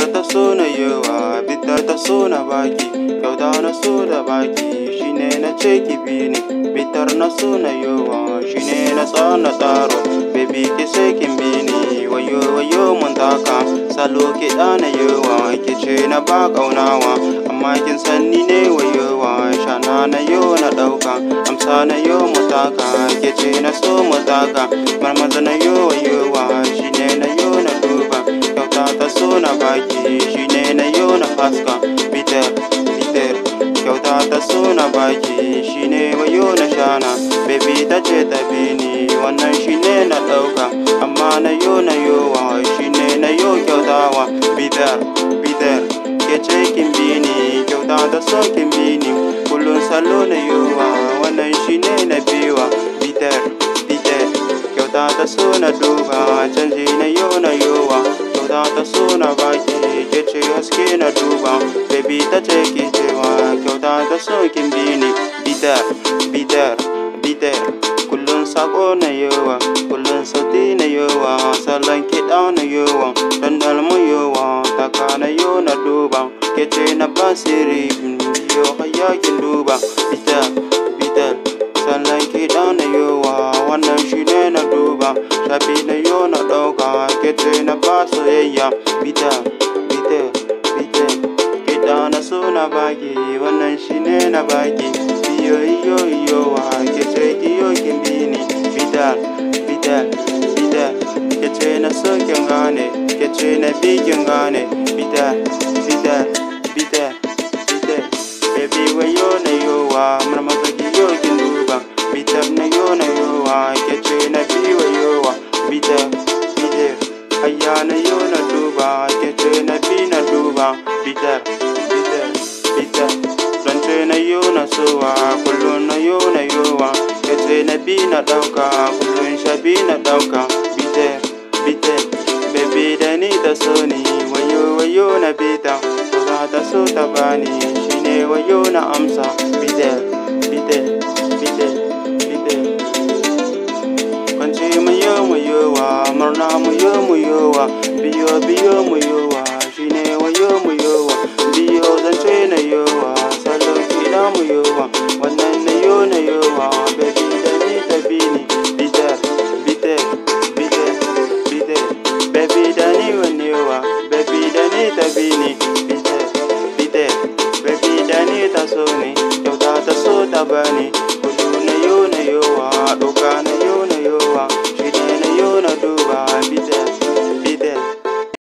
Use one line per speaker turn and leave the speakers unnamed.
fitar ta so na yawa bitar ta so na baki kyauta na so da baki shine na ce ki ne bitar fitar na so na shi shine na tsana tsaro baby ki sai kin bi ni wayo wayo mun salo ki dana yawa ki ce na ba kaunawa amma kin san ni ne wayowa shana na yo na dauka amsa na yo mutaka ke ce na so mutaka marmaza na yo kai na yau na faska bitar bitar kyauta ta suna baki shine wayo na shana baby ta ce ta bini wannan shine na ɗauka amma na yo na yowa shine na yo kyautawa bitar bitar ke ce kin bini kyauta ta so kin bini kullum salo na yowa wannan shine na biwa bitar bitar kyauta ta na duba canji na yo na yowa kyauta ta baki ke ce haske na duba baby ta ce ke cewa kyauta ta so kin bi ne bitar bitar bitar kullum sako na yawa kullum sauti na yawa salon kiɗa na yawa dandal mu yawa taka na yo na duba ke ce na basiri yo hayakin duba bitar bitar salon kiɗa na yawa wannan shi ne na duba shafi na yo na ɗauka ke ce na ba soyayya bitar na baki wannan shine na baki iyo iyo iyo wa ke ce iyo kin bini bidal bidal bidal ke ce na so gane ke ce na bi kin gane bidal bidal bidal bidal baby wa yo na yo wa mar ma yo kin duba bidal na yo na yo wa ke ce na bi wa yo wa bidal bidal ayya na yo na duba ke ce na bi na duba bidal fita zance na yo na sowa kullum na yo na yowa yace na bi na ɗauka kullum bi na ɗauka bite bite baby da ni ta so ni wayo wayo na bita ko ta so ta bani shine wayo na amsa bite bite bite bite kwanci mu yo mu yowa murna mu yo mu yowa biyo biyo mu yowa na yo ah baby dani tabini bita bita bita bita baby dani wan yo ah baby dani tabini bita bita baby dani tasoni yo ta taso tabani kudu na yo na yo ah